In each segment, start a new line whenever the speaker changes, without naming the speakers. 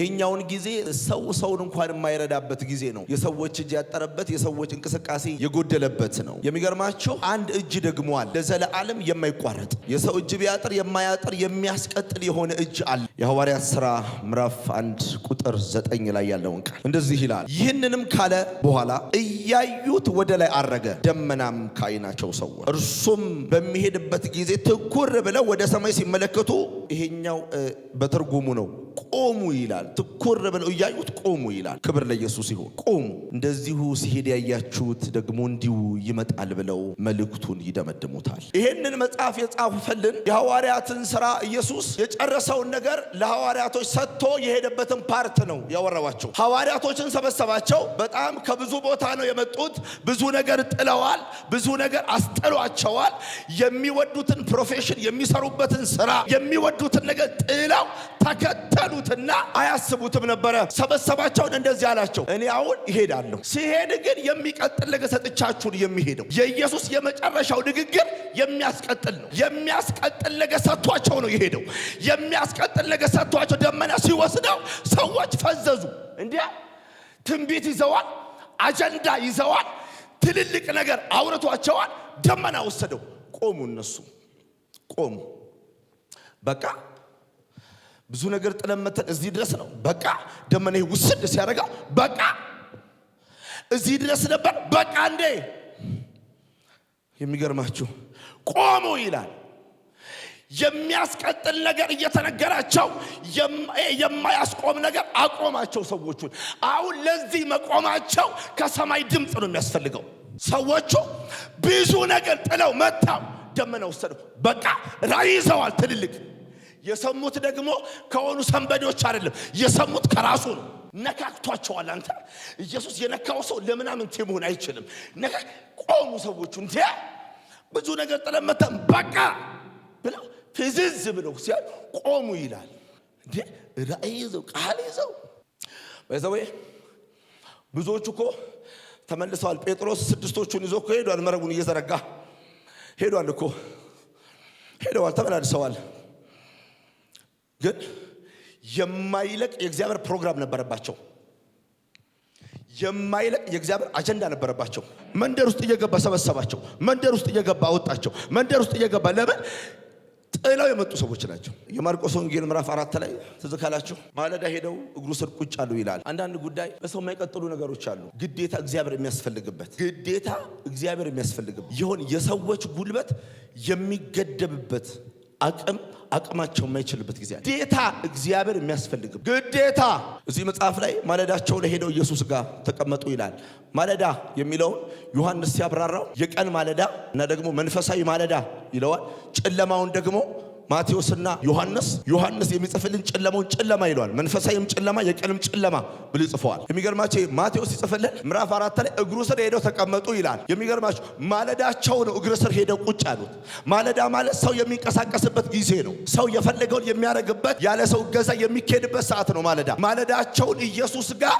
ይህኛውን ጊዜ ሰው ሰውን እንኳን የማይረዳበት ጊዜ ነው። የሰዎች እጅ ያጠረበት፣ የሰዎች እንቅስቃሴ የጎደለበት ነው። የሚገርማቸው አንድ እጅ ደግሞ አለ ለዘለዓለም የማይቋረጥ የሰው እጅ ቢያጥር የማያጥር የሚያስቀጥል የሆነ እጅ አለ። የሐዋርያት ሥራ ምዕራፍ አንድ ቁጥር ዘጠኝ ላይ ያለውን ቃል እንደዚህ ይላል። ይህንንም ካለ በኋላ እያዩት ወደ ላይ አረገ፣ ደመናም ከዓይናቸው ሰወረ። እርሱም በሚሄድበት ጊዜ ትኩር ብለው ወደ ሰማይ ሲመለከቱ ይሄኛው በትርጉሙ ነው ቆሙ ይላል። ትኩር ብለው እያዩት ቆሙ ይላል። ክብር ለኢየሱስ ይሁን። ቆሙ እንደዚሁ ሲሄድ ያያችሁት ደግሞ እንዲሁ ይመጣል ብለው መልእክቱን ይደመድሙታል። ይሄንን መጽሐፍ የጻፉፈልን የሐዋርያትን ስራ ኢየሱስ የጨረሰውን ነገር ለሐዋርያቶች ሰጥቶ የሄደበትን ፓርት ነው ያወራዋቸው። ሐዋርያቶችን ሰበሰባቸው። በጣም ከብዙ ቦታ ነው የመጡት። ብዙ ነገር ጥለዋል። ብዙ ነገር አስጥሏቸዋል። የሚወዱትን ፕሮፌሽን፣ የሚሰሩበትን ስራ የሚወዱትን ነገር ጥለው ተከተ ካዱትና አያስቡትም ነበረ። ሰበሰባቸውን እንደዚህ አላቸው፣ እኔ አሁን ይሄዳለሁ። ሲሄድ ግን የሚቀጥል ነገር ሰጥቻችሁን የሚሄደው የኢየሱስ የመጨረሻው ንግግር የሚያስቀጥል ነው። የሚያስቀጥል ነገር ሰጥቷቸው ነው የሄደው። የሚያስቀጥል ነገር ሰጥቷቸው ደመና ሲወስደው ሰዎች ፈዘዙ። እንዲያ ትንቢት ይዘዋል፣ አጀንዳ ይዘዋል፣ ትልልቅ ነገር አውርቷቸዋል። ደመና ወሰደው። ቆሙ፣ እነሱ ቆሙ። በቃ ብዙ ነገር ጥለን መተን እዚህ ድረስ ነው። በቃ ደመና ውስድ ሲያደርገው በቃ እዚህ ድረስ ነበር። በቃ እንዴ! የሚገርማችሁ ቆሙ ይላል። የሚያስቀጥል ነገር እየተነገራቸው የማያስቆም ነገር አቆማቸው ሰዎቹን። አሁን ለዚህ መቆማቸው ከሰማይ ድምፅ ነው የሚያስፈልገው። ሰዎቹ ብዙ ነገር ጥለው መታው፣ ደመና ወሰደው። በቃ ራይዘዋል ትልልቅ የሰሙት ደግሞ ከሆኑ ሰንበዴዎች አይደለም፣ የሰሙት ከራሱ ነው። ነካክቷቸዋል። አንተ ኢየሱስ የነካው ሰው ለምናምን መሆን አይችልም። ነካ ቆሙ ሰዎቹ እንት ብዙ ነገር ጥለመተን በቃ ብለው ትዝዝ ብለው ሲያ ቆሙ ይላል። እንዲ ራእይ ይዘው ቃል ይዘው በዛው ብዙዎቹ እኮ ተመልሰዋል። ጴጥሮስ ስድስቶቹን ይዞ እኮ ሄዷል። መረቡን እየዘረጋ ሄዷል እኮ ሄደዋል፣ ተመላልሰዋል። ግን የማይለቅ የእግዚአብሔር ፕሮግራም ነበረባቸው። የማይለቅ የእግዚአብሔር አጀንዳ ነበረባቸው። መንደር ውስጥ እየገባ ሰበሰባቸው። መንደር ውስጥ እየገባ አወጣቸው። መንደር ውስጥ እየገባ ለምን ጥለው የመጡ ሰዎች ናቸው። የማርቆስ ወንጌል ምዕራፍ አራት ላይ ትዝ ማለዳ ሄደው እግሩ ስር ቁጭ አሉ ይላል። አንዳንድ ጉዳይ በሰው የማይቀጥሉ ነገሮች አሉ። ግዴታ እግዚአብሔር የሚያስፈልግበት ግዴታ እግዚአብሔር የሚያስፈልግበት ይሆን የሰዎች ጉልበት የሚገደብበት አቅም አቅማቸው የማይችልበት ጊዜ ግዴታ እግዚአብሔር የሚያስፈልግም ግዴታ እዚህ መጽሐፍ ላይ ማለዳቸው ለሄደው ኢየሱስ ጋር ተቀመጡ ይላል። ማለዳ የሚለውን ዮሐንስ ሲያብራራው የቀን ማለዳ እና ደግሞ መንፈሳዊ ማለዳ ይለዋል። ጨለማውን ደግሞ ማቴዎስና ዮሐንስ ዮሐንስ የሚጽፍልን ጨለማውን ጨለማ ይለዋል። መንፈሳዊም ጨለማ የቀንም ጨለማ ብሎ ይጽፈዋል። የሚገርማቸው ማቴዎስ ይጽፍልን ምዕራፍ አራት ላይ እግሩ ስር ሄደው ተቀመጡ ይላል። የሚገርማቸው ማለዳቸው ነው እግር ስር ሄደው ቁጭ አሉት። ማለዳ ማለት ሰው የሚንቀሳቀስበት ጊዜ ነው። ሰው የፈለገውን የሚያደርግበት ያለ ሰው እገዛ የሚካሄድበት ሰዓት ነው ማለዳ። ማለዳቸውን ኢየሱስ ጋር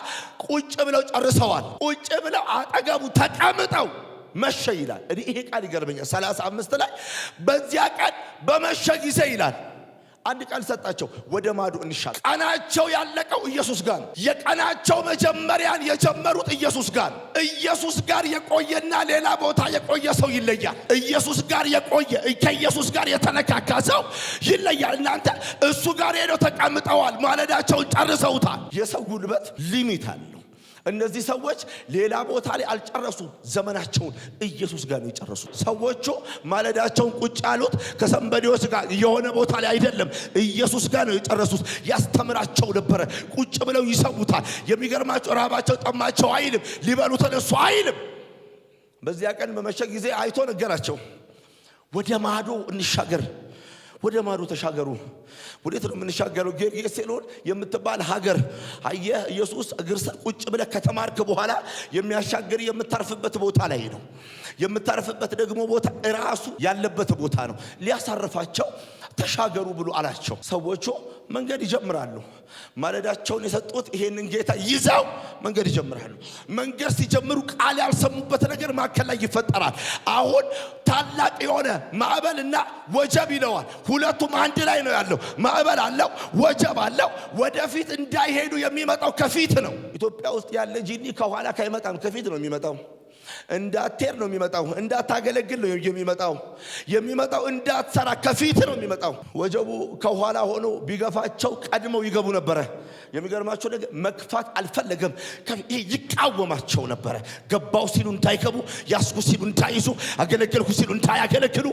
ቁጭ ብለው ጨርሰዋል። ቁጭ ብለው አጠገቡ ተቀምጠው መሸ ይላል። እኔ ይሄ ቃል ይገርመኛል። ሰላሳ ላይ በዚያ ቀን በመሸ ጊዜ ይላል አንድ ቃል ሰጣቸው፣ ወደ ማዶ እንሻገር። ቀናቸው ያለቀው ኢየሱስ ጋር ነው። የቀናቸው መጀመሪያን የጀመሩት ኢየሱስ ጋር ኢየሱስ ጋር የቆየና ሌላ ቦታ የቆየ ሰው ይለያል። ኢየሱስ ጋር የቆየ ከኢየሱስ ጋር የተነካካ ሰው ይለያል። እናንተ እሱ ጋር ሄደው ተቀምጠዋል፣ ማለዳቸውን ጨርሰውታል። የሰው ጉልበት ሊሚት አለ። እነዚህ ሰዎች ሌላ ቦታ ላይ አልጨረሱም። ዘመናቸውን ኢየሱስ ጋር ነው የጨረሱት። ሰዎቹ ማለዳቸውን ቁጭ ያሉት ከሰንበዴዎች ጋር የሆነ ቦታ ላይ አይደለም፣ ኢየሱስ ጋር ነው የጨረሱት። ያስተምራቸው ነበረ። ቁጭ ብለው ይሰሙታል። የሚገርማቸው ራባቸው ጠማቸው አይልም፣ ሊበሉ ተነሱ አይልም። በዚያ ቀን በመሸ ጊዜ አይቶ ነገራቸው፣ ወደ ማዶ እንሻገር ወደ ማዶ ተሻገሩ። ወዴት ነው የምንሻገረው? ጌርጌሴኖን የምትባል ሀገር አየህ፣ ኢየሱስ እግር ስር ቁጭ ብለህ ከተማርክ በኋላ የሚያሻገር የምታርፍበት ቦታ ላይ ነው። የምታርፍበት ደግሞ ቦታ ራሱ ያለበት ቦታ ነው ሊያሳርፋቸው ተሻገሩ ብሎ አላቸው። ሰዎቹ መንገድ ይጀምራሉ። ማለዳቸውን የሰጡት ይሄንን ጌታ ይዘው መንገድ ይጀምራሉ። መንገድ ሲጀምሩ ቃል ያልሰሙበት ነገር መካከል ላይ ይፈጠራል። አሁን ታላቅ የሆነ ማዕበል እና ወጀብ ይለዋል። ሁለቱም አንድ ላይ ነው ያለው። ማዕበል አለው፣ ወጀብ አለው። ወደፊት እንዳይሄዱ የሚመጣው ከፊት ነው። ኢትዮጵያ ውስጥ ያለ ጂኒ ከኋላ ካይመጣም ከፊት ነው የሚመጣው። እንዳትሄድ ነው የሚመጣው። እንዳታገለግል ነው የሚመጣው። የሚመጣው እንዳትሰራ ከፊት ነው የሚመጣው። ወጀቡ ከኋላ ሆኖ ቢገፋቸው ቀድመው ይገቡ ነበረ። የሚገርማቸው ነገር መግፋት አልፈለገም። ይቃወማቸው ነበረ። ገባው ሲሉ እንዳይገቡ፣ ያስኩ ሲሉ እንዳይዙ፣ አገለገልኩ ሲሉ እንዳያገለግሉ።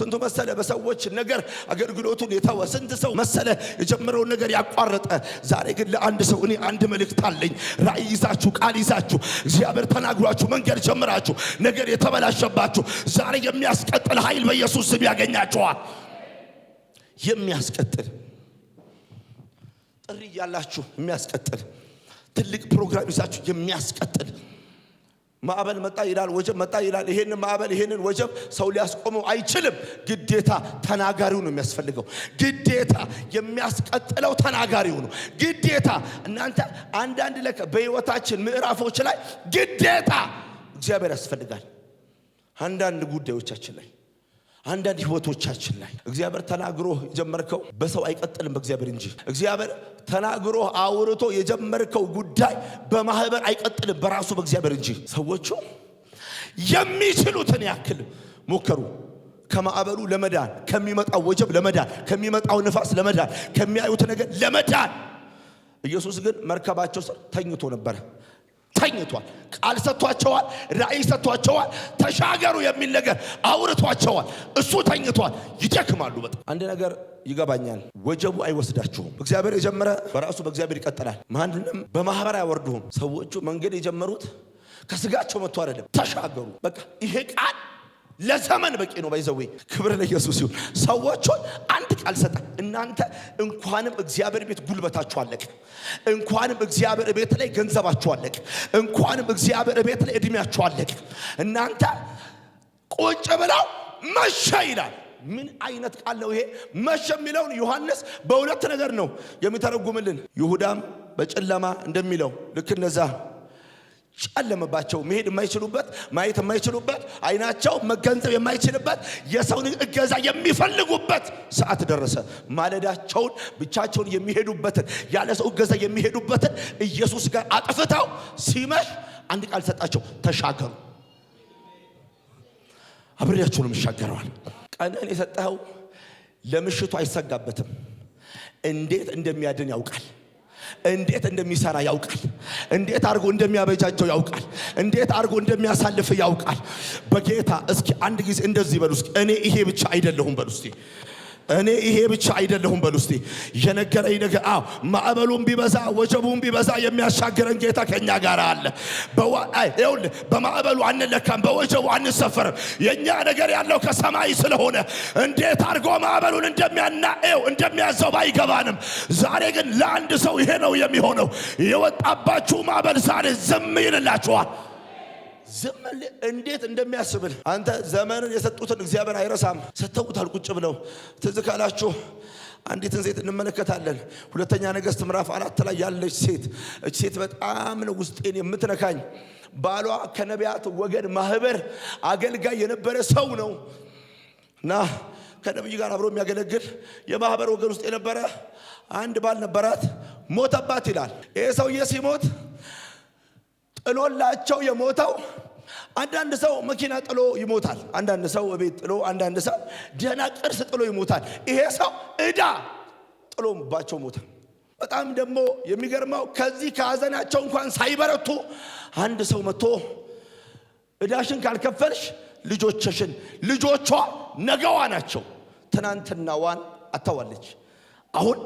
ስንቱ መሰለ በሰዎች ነገር አገልግሎቱን የተወ ስንት ሰው መሰለ የጀመረውን ነገር ያቋረጠ። ዛሬ ግን ለአንድ ሰው እኔ አንድ መልእክት አለኝ። ራእይ ይዛችሁ ቃል ይዛችሁ እግዚአብሔር ተናግሯችሁ መንገድ ጀምራ የተበላሸባችሁ ነገር የተበላሸባችሁ ዛሬ የሚያስቀጥል ኃይል በኢየሱስ ስም ያገኛችኋል። የሚያስቀጥል ጥሪ እያላችሁ የሚያስቀጥል ትልቅ ፕሮግራም ይዛችሁ የሚያስቀጥል ማዕበል መጣ ይላል፣ ወጀብ መጣ ይላል። ይሄንን ማዕበል ይሄንን ወጀብ ሰው ሊያስቆመው አይችልም። ግዴታ ተናጋሪው ነው የሚያስፈልገው። ግዴታ የሚያስቀጥለው ተናጋሪው ነው። ግዴታ እናንተ አንዳንድ ለከ በሕይወታችን ምዕራፎች ላይ ግዴታ እግዚአብሔር ያስፈልጋል። አንዳንድ ጉዳዮቻችን ላይ አንዳንድ ህይወቶቻችን ላይ እግዚአብሔር ተናግሮ የጀመርከው በሰው አይቀጥልም በእግዚአብሔር እንጂ። እግዚአብሔር ተናግሮ አውርቶ የጀመርከው ጉዳይ በማህበር አይቀጥልም በራሱ በእግዚአብሔር እንጂ። ሰዎቹ የሚችሉትን ያክል ሞከሩ። ከማዕበሉ ለመዳን ከሚመጣው ወጀብ ለመዳን ከሚመጣው ንፋስ ለመዳን ከሚያዩት ነገር ለመዳን ኢየሱስ ግን መርከባቸው ስር ተኝቶ ነበረ። ተኝቷል። ቃል ሰጥቷቸዋል። ራእይ ሰጥቷቸዋል። ተሻገሩ የሚል ነገር አውርቷቸዋል። እሱ ተኝቷል። ይደክማሉ። በጣም አንድ ነገር ይገባኛል። ወጀቡ አይወስዳችሁም። እግዚአብሔር የጀመረ በራሱ በእግዚአብሔር ይቀጥላል። ማንንም በማህበር አያወርዱሁም። ሰዎቹ መንገድ የጀመሩት ከስጋቸው መጥቶ አይደለም። ተሻገሩ። በቃ ይሄ ቃል ለዘመን በቂ ነው። ባይዘዌ ክብር ለኢየሱስ ይሁን። ሰዎቹን አንድ ቃል ሰጠ። እናንተ እንኳንም እግዚአብሔር ቤት ጉልበታችሁ አለቅ፣ እንኳንም እግዚአብሔር ቤት ላይ ገንዘባችሁ አለቅ፣ እንኳንም እግዚአብሔር ቤት ላይ እድሜያችሁ አለቅ። እናንተ ቁጭ ብለው መሸ ይላል። ምን አይነት ቃል ነው ይሄ? መሸ የሚለውን ዮሐንስ በሁለት ነገር ነው የሚተረጉምልን። ይሁዳም በጨለማ እንደሚለው ልክ እነዛ ጨለመባቸው። መሄድ የማይችሉበት ማየት የማይችሉበት አይናቸው መገንዘብ የማይችልበት የሰውን እገዛ የሚፈልጉበት ሰዓት ደረሰ። ማለዳቸውን ብቻቸውን የሚሄዱበትን ያለ ሰው እገዛ የሚሄዱበትን ኢየሱስ ጋር አጥፍተው ሲመሽ አንድ ቃል ሰጣቸው፣ ተሻገሩ። አብሬያችሁንም ይሻገረዋል። ቀንን የሰጠኸው ለምሽቱ አይሰጋበትም። እንዴት እንደሚያድን ያውቃል። እንዴት እንደሚሰራ ያውቃል። እንዴት አድርጎ እንደሚያበጃቸው ያውቃል። እንዴት አድርጎ እንደሚያሳልፍ ያውቃል። በጌታ እስኪ አንድ ጊዜ እንደዚህ በሉ እስኪ እኔ ይሄ ብቻ አይደለሁም በሉ እስኪ እኔ ይሄ ብቻ አይደለሁም በሉ እስቲ። የነገረኝ ነገር አዎ፣ ቢበዛ ወጀቡን ቢበዛ የሚያሻግረን ጌታ ከኛ ጋር አለ። በማዕበሉ አንለካም፣ በወጀቡ አንሰፈርም። የእኛ ነገር ያለው ከሰማይ ስለሆነ እንዴት አድርጎ ማዕበሉን እንደሚያናየው እንደሚያዘው ባይገባንም፣ ዛሬ ግን ለአንድ ሰው ይሄ ነው የሚሆነው። የወጣባችሁ ማዕበል ዛሬ ዝም ይልላችኋል። ዝም እንዴት እንደሚያስብል አንተ ዘመንን የሰጡትን እግዚአብሔር አይረሳም። ሰተውታል ቁጭ ብለው ትዝ ካላችሁ አንዲትን ሴት እንመለከታለን። ሁለተኛ ነገሥት ምዕራፍ አራት ላይ ያለች ሴት እች ሴት በጣም ነው ውስጤን የምትነካኝ። ባሏ ከነቢያት ወገን ማህበር አገልጋይ የነበረ ሰው ነው እና ከነቢይ ጋር አብሮ የሚያገለግል የማህበር ወገን ውስጥ የነበረ አንድ ባል ነበራት። ሞተባት ይላል። ይሄ ሰውዬ ሲሞት ጥሎላቸው የሞተው አንዳንድ ሰው መኪና ጥሎ ይሞታል። አንዳንድ ሰው ቤት ጥሎ፣ አንዳንድ ሰው ደህና ቅርስ ጥሎ ይሞታል። ይሄ ሰው ዕዳ ጥሎባቸው ሞታል። በጣም ደግሞ የሚገርመው ከዚህ ከሀዘናቸው እንኳን ሳይበረቱ አንድ ሰው መጥቶ እዳሽን ካልከፈልሽ ልጆችሽን ልጆቿ ነገዋ ናቸው። ትናንትናዋን አታዋለች። አሁን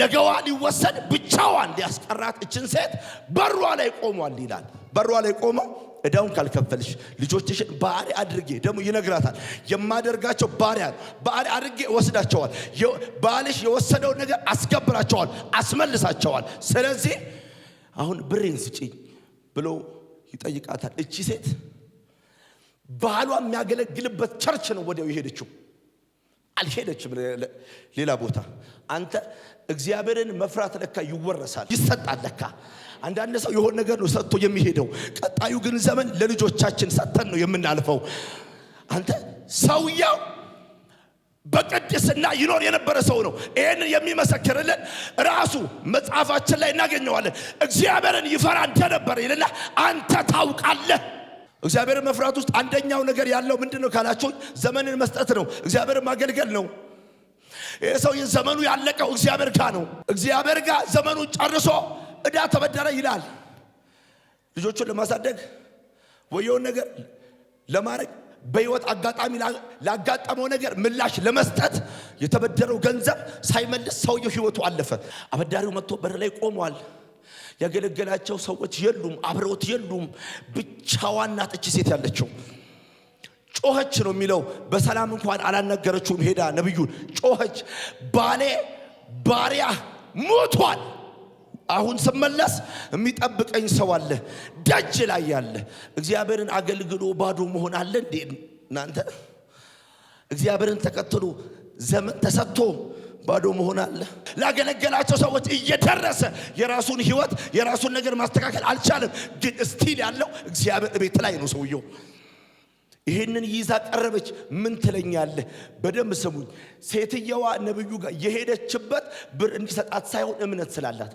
ነገዋ ሊወሰድ ብቻዋን ሊያስቀራት እችን ሴት በሯ ላይ ቆሟል ይላል። በሯ ላይ ቆመ እዳውን ካልከፈልሽ ልጆችሽን ባሪ አድርጌ ደግሞ ይነግራታል። የማደርጋቸው ባሪያ ባሪ አድርጌ ወስዳቸዋል። ባልሽ የወሰደውን ነገር አስገብራቸዋል፣ አስመልሳቸዋል። ስለዚህ አሁን ብሬን ስጭኝ ብሎ ይጠይቃታል። እቺ ሴት ባሏ የሚያገለግልበት ቸርች ነው ወዲያው የሄደችው። አልሄደችም ሌላ ቦታ። አንተ እግዚአብሔርን መፍራት ለካ ይወረሳል፣ ይሰጣል። ለካ አንዳንድ ሰው የሆነ ነገር ነው ሰጥቶ የሚሄደው። ቀጣዩ ግን ዘመን ለልጆቻችን ሰጥተን ነው የምናልፈው። አንተ ሰውየው በቅድስና ይኖር የነበረ ሰው ነው። ይህንን የሚመሰክርልን ራሱ መጽሐፋችን ላይ እናገኘዋለን። እግዚአብሔርን ይፈራ እንደነበረ ይልና አንተ ታውቃለህ። እግዚአብሔርን መፍራት ውስጥ አንደኛው ነገር ያለው ምንድን ነው ካላችሁ ዘመንን መስጠት ነው። እግዚአብሔርን ማገልገል ነው። ይህ ሰው ዘመኑ ያለቀው እግዚአብሔር ጋር ነው። እግዚአብሔር ጋር ዘመኑን ጨርሶ እዳ ተበደረ ይላል። ልጆቹን ለማሳደግ ወየውን ነገር ለማድረግ በህይወት አጋጣሚ ላጋጠመው ነገር ምላሽ ለመስጠት የተበደረው ገንዘብ ሳይመልስ ሰውየው ህይወቱ አለፈ። አበዳሪው መጥቶ በር ላይ ቆመዋል። ያገለገላቸው ሰዎች የሉም፣ አብረውት የሉም። ብቻዋን ናት እቺ ሴት ያለችው። ጮኸች ነው የሚለው። በሰላም እንኳን አላናገረችውም። ሄዳ ነቢዩን ጮኸች፣ ባሌ ባሪያ ሞቷል። አሁን ስመለስ የሚጠብቀኝ ሰው አለ፣ ደጅ ላይ ያለ። እግዚአብሔርን አገልግሎ ባዶ መሆን አለ እንዴ እናንተ? እግዚአብሔርን ተከትሎ ዘመን ተሰጥቶ ባዶ መሆን አለ። ላገለገላቸው ሰዎች እየደረሰ የራሱን ህይወት የራሱን ነገር ማስተካከል አልቻለም። ግን እስቲል ያለው እግዚአብሔር ቤት ላይ ነው ሰውየው። ይህንን ይዛ ቀረበች። ምን ትለኛለህ? በደንብ ስሙኝ። ሴትየዋ ነብዩ ጋር የሄደችበት ብር እንዲሰጣት ሳይሆን እምነት ስላላት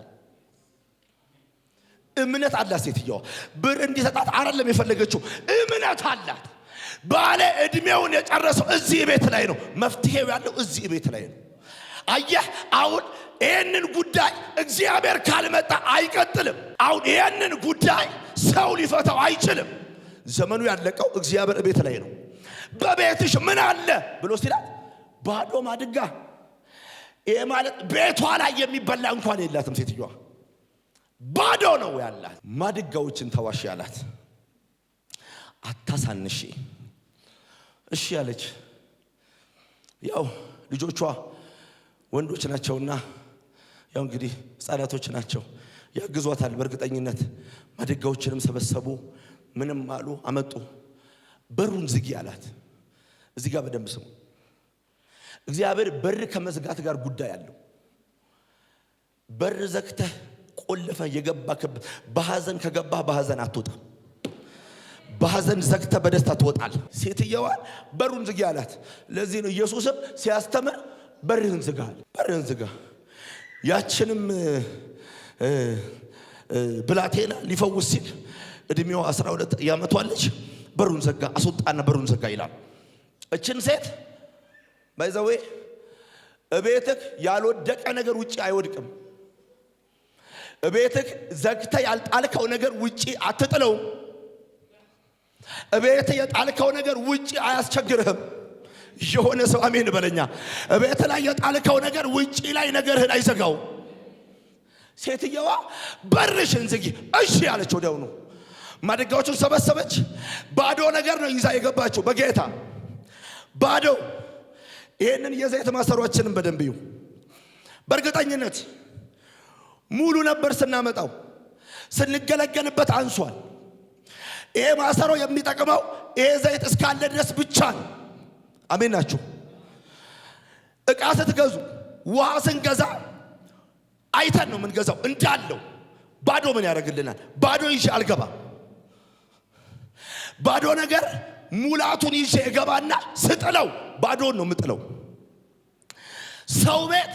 እምነት አላት። ሴትየዋ ብር እንዲሰጣት አይደለም የፈለገችው፣ እምነት አላት። ባለ ዕድሜውን የጨረሰው እዚህ ቤት ላይ ነው። መፍትሄው ያለው እዚህ ቤት ላይ ነው። አየህ አሁን ይህንን ጉዳይ እግዚአብሔር ካልመጣ አይቀጥልም። አሁን ይህንን ጉዳይ ሰው ሊፈታው አይችልም። ዘመኑ ያለቀው እግዚአብሔር ቤት ላይ ነው። በቤትሽ ምን አለ ብሎ ሲላት ባዶ ማድጋ። ይሄ ማለት ቤቷ ላይ የሚበላ እንኳን የላትም ሴትዮዋ ባዶ ነው ያላት። ማድጋዎችን ተዋሽ ያላት አታሳንሺ እሺ ያለች ያው ልጆቿ ወንዶች ናቸውና ያው እንግዲህ ህጻናቶች ናቸው ያግዟታል። በእርግጠኝነት ማድጋዎችንም ሰበሰቡ። ምንም አሉ አመጡ። በሩን ዝጊ አላት። እዚህ ጋር በደንብ ስሙ። እግዚአብሔር በር ከመዝጋት ጋር ጉዳይ አለው። በር ዘግተህ ቆልፈ የገባ በሐዘን ከገባ በሐዘን አትወጣም። በሐዘን ዘግተ በደስታ ትወጣል። ሴትየዋን በሩን ዝጊ አላት። ለዚህ ነው ኢየሱስም ሲያስተምር በርህን ዝጋ፣ በርህን ዝጋ። ያችንም ብላቴና ሊፈውስ ሲል እድሜዋ 12 ያመቷለች በሩን ዘጋ፣ አስወጣና በሩን ዘጋ ይላል። እችን ሴት ባይዘዌ እቤትህ ያልወደቀ ነገር ውጭ አይወድቅም። እቤትህ ዘግተ ያልጣልከው ነገር ውጪ አትጥለውም። እቤት የጣልከው ነገር ውጪ አያስቸግርህም። የሆነ ሰው አሜን በለኛ። ቤት ላይ የጣልከው ነገር ውጪ ላይ ነገርህን አይዘጋው። ሴትየዋ በርሽን ዝጊ እሺ ያለችው ወዲያውኑ ማድጋዎቹን ሰበሰበች። ባዶ ነገር ነው ይዛ የገባችው በጌታ ባዶ። ይህንን የዘይት ማሰሮችንም በደንብ እዩ። በእርግጠኝነት ሙሉ ነበር ስናመጣው፣ ስንገለገልበት አንሷል። ይሄ ማሰሮ የሚጠቅመው ይሄ ዘይት እስካለ ድረስ ብቻ ነው። አሜን ናችሁ። እቃ ስትገዙ ውሃ ስንገዛ አይተን ነው የምንገዛው። እንዳለው ባዶ ምን ያደርግልናል? ባዶ ይዤ አልገባም? ባዶ ነገር ሙላቱን ይዤ እገባና ስጥለው ባዶን ነው የምጥለው። ሰው ቤት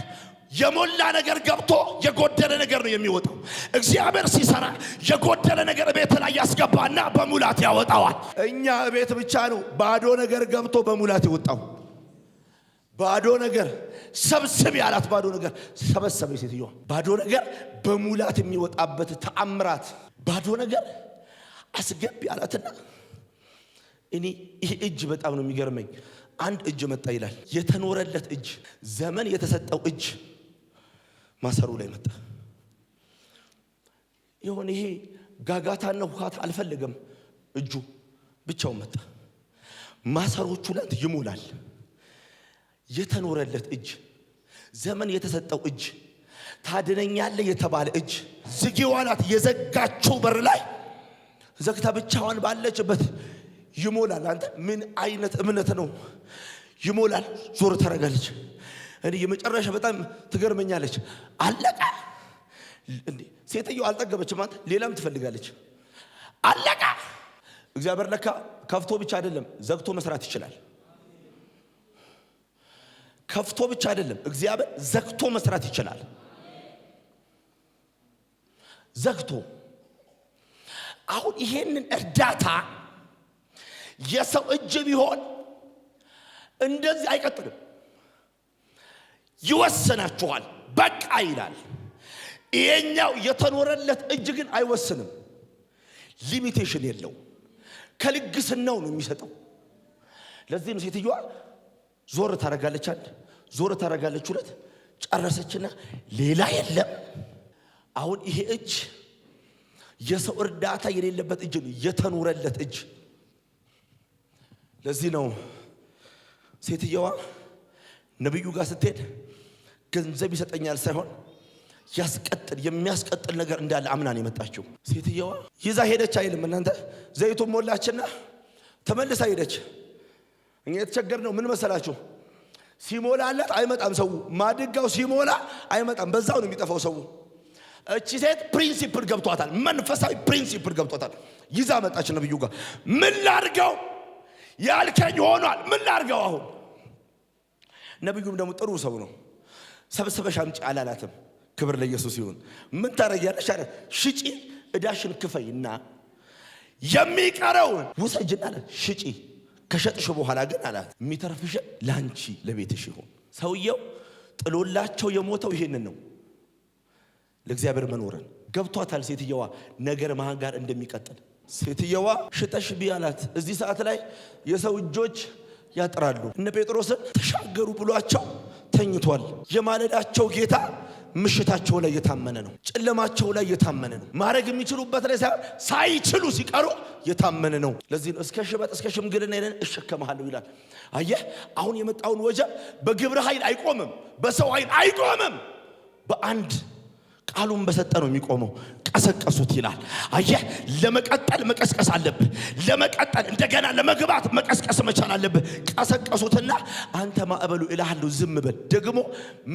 የሞላ ነገር ገብቶ የጎደለ ነገር ነው የሚወጣው። እግዚአብሔር ሲሰራ የጎደለ ነገር ቤት ላይ ያስገባና በሙላት ያወጣዋል። እኛ ቤት ብቻ ነው ባዶ ነገር ገብቶ በሙላት የወጣው። ባዶ ነገር ሰብስብ ያላት ባዶ ነገር ሰበሰበ። ሴትዮዋ ባዶ ነገር በሙላት የሚወጣበት ተአምራት። ባዶ ነገር አስገብ ያላትና እኔ ይህ እጅ በጣም ነው የሚገርመኝ። አንድ እጅ መጣ ይላል። የተኖረለት እጅ፣ ዘመን የተሰጠው እጅ ማሰሩ ላይ መጣ። የሆነ ይሄ ጋጋታና ውሃት አልፈለገም። እጁ ብቻው መጣ። ማሰሮቹ ላንት ይሞላል። የተኖረለት እጅ፣ ዘመን የተሰጠው እጅ፣ ታድነኛለ የተባለ እጅ፣ ዝጌዋ የዘጋችው በር ላይ ዘግታ ብቻዋን ባለችበት ይሞላል። አንተ ምን አይነት እምነት ነው? ይሞላል። ዞር ተረጋለች። እኔ የመጨረሻ በጣም ትገርመኛለች። አለቀ። ሴትዮ አልጠገበችም፣ አንተ ሌላም ትፈልጋለች። አለቀ። እግዚአብሔር ለካ ከፍቶ ብቻ አይደለም ዘግቶ መስራት ይችላል። ከፍቶ ብቻ አይደለም እግዚአብሔር ዘግቶ መስራት ይችላል። ዘግቶ አሁን ይሄንን እርዳታ የሰው እጅ ቢሆን እንደዚህ አይቀጥልም። ይወሰናችኋል። በቃ ይላል። ይሄኛው የተኖረለት እጅ ግን አይወስንም። ሊሚቴሽን የለው። ከልግስናው ነው የሚሰጠው። ለዚህ ነው ሴትዮዋ ዞር ታረጋለች አንድ ዞር ታረጋለች ሁለት ጨረሰችና ሌላ የለም። አሁን ይሄ እጅ የሰው እርዳታ የሌለበት እጅ ነው፣ የተኖረለት እጅ። ለዚህ ነው ሴትየዋ ነቢዩ ጋር ስትሄድ ገንዘብ ይሰጠኛል ሳይሆን ያስቀጥል የሚያስቀጥል ነገር እንዳለ አምናን የመጣችው ሴትየዋ ይዛ ሄደች አይልም። እናንተ ዘይቱን ሞላችና ተመልሳ ሄደች። እኛ የተቸገር ነው ምን መሰላችሁ? ሲሞላለት አይመጣም ሰው። ማድጋው ሲሞላ አይመጣም፣ በዛው ነው የሚጠፋው ሰው። እቺ ሴት ፕሪንሲፕል ገብቷታል፣ መንፈሳዊ ፕሪንሲፕል ገብቷታል። ይዛ መጣች ነብዩ ጋር። ምን ላርገው ያልከኝ ሆኗል፣ ምን ላርገው አሁን። ነብዩም ደግሞ ጥሩ ሰው ነው። ሰብስበሽ አምጪ አላላትም። ክብር ለኢየሱስ ይሁን። ምን ታረጊያለሽ? አለ ሽጪ፣ እዳሽን ክፈይና የሚቀረውን ውሰጅና አለ ሽጪ። ከሸጥሽ በኋላ ግን አላት የሚተርፍሽን ለአንቺ ለቤትሽ ይሁን። ሰውየው ጥሎላቸው የሞተው ይሄንን ነው። ለእግዚአብሔር መኖርን ገብቷታል። ሴትየዋ ነገር ማን ጋር እንደሚቀጥል ሴትየዋ ሽጠሽ ቢ አላት። እዚህ ሰዓት ላይ የሰው እጆች ያጥራሉ። እነ ጴጥሮስን ተሻገሩ ብሏቸው ተኝቷል። የማለዳቸው ጌታ ምሽታቸው ላይ የታመነ ነው። ጨለማቸው ላይ የታመነ ነው። ማድረግ የሚችሉበት ላይ ሳይሆን ሳይችሉ ሲቀሩ የታመነ ነው። ለዚህ ነው እስከ ሽበት እስከ ሽምግልና ሄደን እሸከመሃለሁ ይላል። አየህ አሁን የመጣውን ወጀብ በግብረ ኃይል አይቆምም፣ በሰው ኃይል አይቆምም። በአንድ ቃሉን በሰጠ ነው የሚቆመው። ቀሰቀሱት ይላል። አየህ፣ ለመቀጠል መቀስቀስ አለብህ። ለመቀጠል እንደገና ለመግባት መቀስቀስ መቻል አለብህ። ቀሰቀሱትና አንተ ማዕበሉ እልሃለሁ ዝም በል። ደግሞ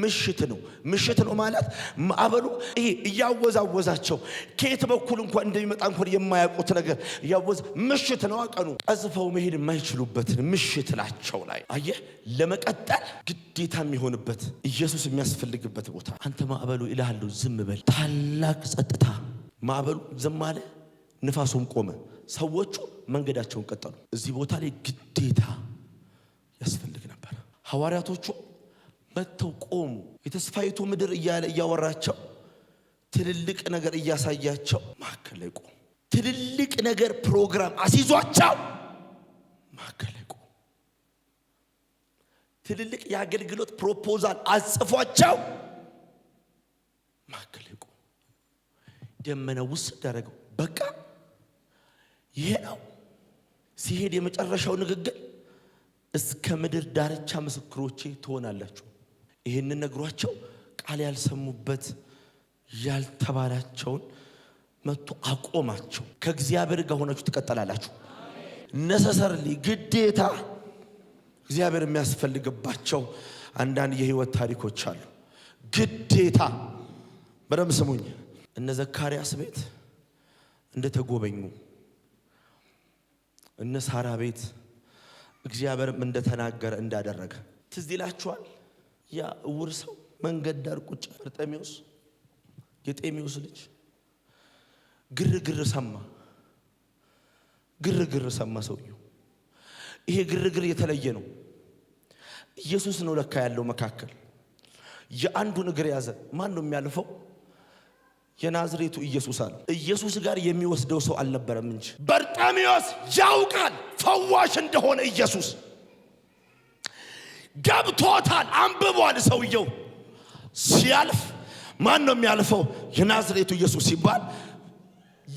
ምሽት ነው። ምሽት ነው ማለት ማዕበሉ ይሄ እያወዛወዛቸው ከየት በኩል እንኳን እንደሚመጣ እንኳን የማያውቁት ነገር እያወዝ ምሽት ነው አቀኑ ቀዝፈው መሄድ የማይችሉበትን ምሽት ናቸው ላይ አየህ፣ ለመቀጠል ግዴታ የሚሆንበት ኢየሱስ የሚያስፈልግበት ቦታ አንተ ማዕበሉ እልሃለሁ ዝም በል ታላቅ ጸጥታ ማዕበሉ ዝም አለ፣ ንፋሱም ቆመ። ሰዎቹ መንገዳቸውን ቀጠሉ። እዚህ ቦታ ላይ ግዴታ ያስፈልግ ነበር። ሐዋርያቶቹ መጥተው ቆሙ። የተስፋይቱ ምድር እያለ እያወራቸው ትልልቅ ነገር እያሳያቸው መካከል ላይ ቆሙ። ትልልቅ ነገር ፕሮግራም አስይዟቸው መካከል ላይ ቆሙ። ትልልቅ የአገልግሎት ፕሮፖዛል አጽፏቸው መካከል ላይ ደመና ውስጥ ዳረገው። በቃ ይሄ ነው ሲሄድ የመጨረሻው ንግግር እስከ ምድር ዳርቻ ምስክሮቼ ትሆናላችሁ። ይህንን ነግሯቸው ቃል ያልሰሙበት ያልተባላቸውን መጥቶ አቆማቸው። ከእግዚአብሔር ጋር ሆናችሁ ትቀጠላላችሁ። ነሰሰርሊ ግዴታ እግዚአብሔር የሚያስፈልግባቸው አንዳንድ የህይወት ታሪኮች አሉ። ግዴታ በደምብ ስሙኝ። እነ ዘካርያስ ቤት እንደተጎበኙ እነ ሳራ ቤት እግዚአብሔርም እንደተናገረ እንዳደረገ ትዝ ይላችኋል። ያ እውር ሰው መንገድ ዳር ቁጭ በርጤሜዎስ የጤሜዎስ ልጅ ግርግር ሰማ። ግርግር ሰማ ሰውየው። ይሄ ግርግር የተለየ ነው። ኢየሱስ ነው ለካ ያለው መካከል። የአንዱን እግር ያዘ። ማን ነው የሚያልፈው? የናዝሬቱ ኢየሱስ አለ። ኢየሱስ ጋር የሚወስደው ሰው አልነበረም እንጂ በርጣሚዎስ ያውቃል ፈዋሽ እንደሆነ ኢየሱስ ገብቶታል። አንብቧል። ሰውየው ሲያልፍ ማን ነው የሚያልፈው? የናዝሬቱ ኢየሱስ ሲባል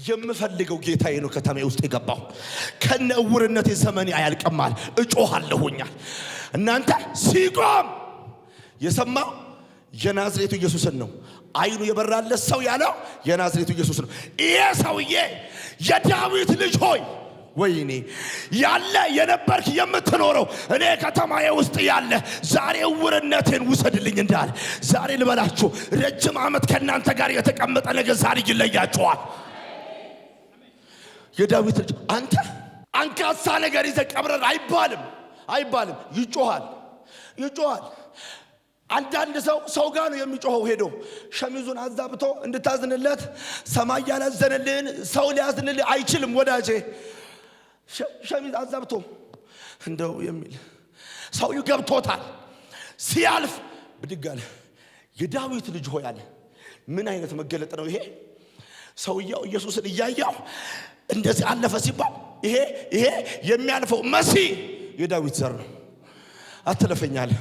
የምፈልገው ጌታዬ ነው። ከተማ ውስጥ የገባው? ከነ እውርነት ዘመኔ አያልቅማል። እጮሃለሁኛል እናንተ ሲቆም የሰማው የናዝሬቱ ኢየሱስን ነው። አይኑ የበራለት ሰው ያለው የናዝሬቱ ኢየሱስ ነው። ይሄ ሰውዬ የዳዊት ልጅ ሆይ ወይኔ ያለ የነበርክ የምትኖረው እኔ ከተማዬ ውስጥ ያለ ዛሬ እውርነቴን ውሰድልኝ እንዳለ ዛሬ ልበላችሁ፣ ረጅም ዓመት ከእናንተ ጋር የተቀመጠ ነገር ዛሬ ይለያችኋል። የዳዊት ልጅ አንተ አንካሳ ነገር ይዘ ቀብረር አይባልም፣ አይባልም። ይጮሃል፣ ይጮኋል፣ ይጮኋል። አንዳንድ ሰው ሰው ጋር ነው የሚጮኸው። ሄዶ ሸሚዙን አዛብቶ እንድታዝንለት ሰማይ ያላዘንልን ሰው ሊያዝንል አይችልም ወዳጄ። ሸሚዝ አዛብቶ እንደው የሚል ሰውዩ ገብቶታል። ሲያልፍ ብድግ አለ። የዳዊት ልጅ ሆይ አለ። ምን አይነት መገለጥ ነው ይሄ? ሰውየው ኢየሱስን እያየው እንደዚህ አለፈ ሲባል ይሄ ይሄ የሚያልፈው መሲህ የዳዊት ዘር ነው። አትለፈኝ አለ።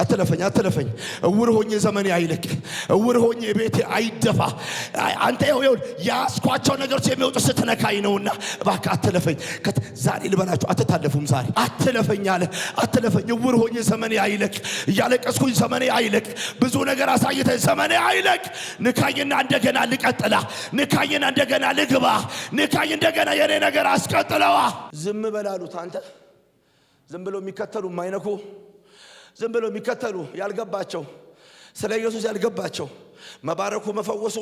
አትለፈኝ አትለፈኝ፣ እውር ሆኜ ዘመኔ አይልቅ፣ እውር ሆኜ ቤቴ አይደፋ። አንተ ይሁን ያስኳቸው ነገሮች የሚወጡ ስትነካኝ ነውና እባክህ አትለፈኝ። ዛሬ ልበላችሁ አትታለፉም። ዛሬ አትለፈኝ አለ። አትለፈኝ፣ እውር ሆኜ ዘመኔ አይልቅ፣ እያለቀስኩኝ ዘመኔ አይልቅ፣ ብዙ ነገር አሳይተ ዘመኔ አይልቅ። ንካኝና እንደገና ልቀጥላ፣ ንካኝና እንደገና ልግባ፣ ንካኝ እንደገና የኔ ነገር አስቀጥለዋ። ዝም በላሉት አንተ ዝም ብሎ የሚከተሉ የማይነኩ ዝም ብሎ የሚከተሉ ያልገባቸው ስለ ኢየሱስ ያልገባቸው መባረኩ መፈወሱ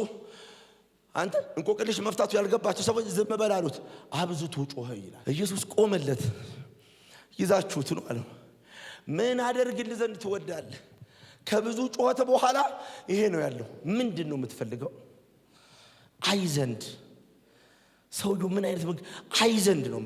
አንተ እንቆቅልሽ መፍታቱ ያልገባቸው ሰዎች ዝም በላሉት አሉት። አብዝቶ ጮኸ ይላል። ኢየሱስ ቆመለት፣ ይዛችሁት ነው አለው። ምን አደርግል ዘንድ ትወዳል ከብዙ ጮኸት በኋላ ይሄ ነው ያለው። ምንድን ነው የምትፈልገው? አይ ዘንድ ሰውዩ ምን አይነት አይ ዘንድ ነው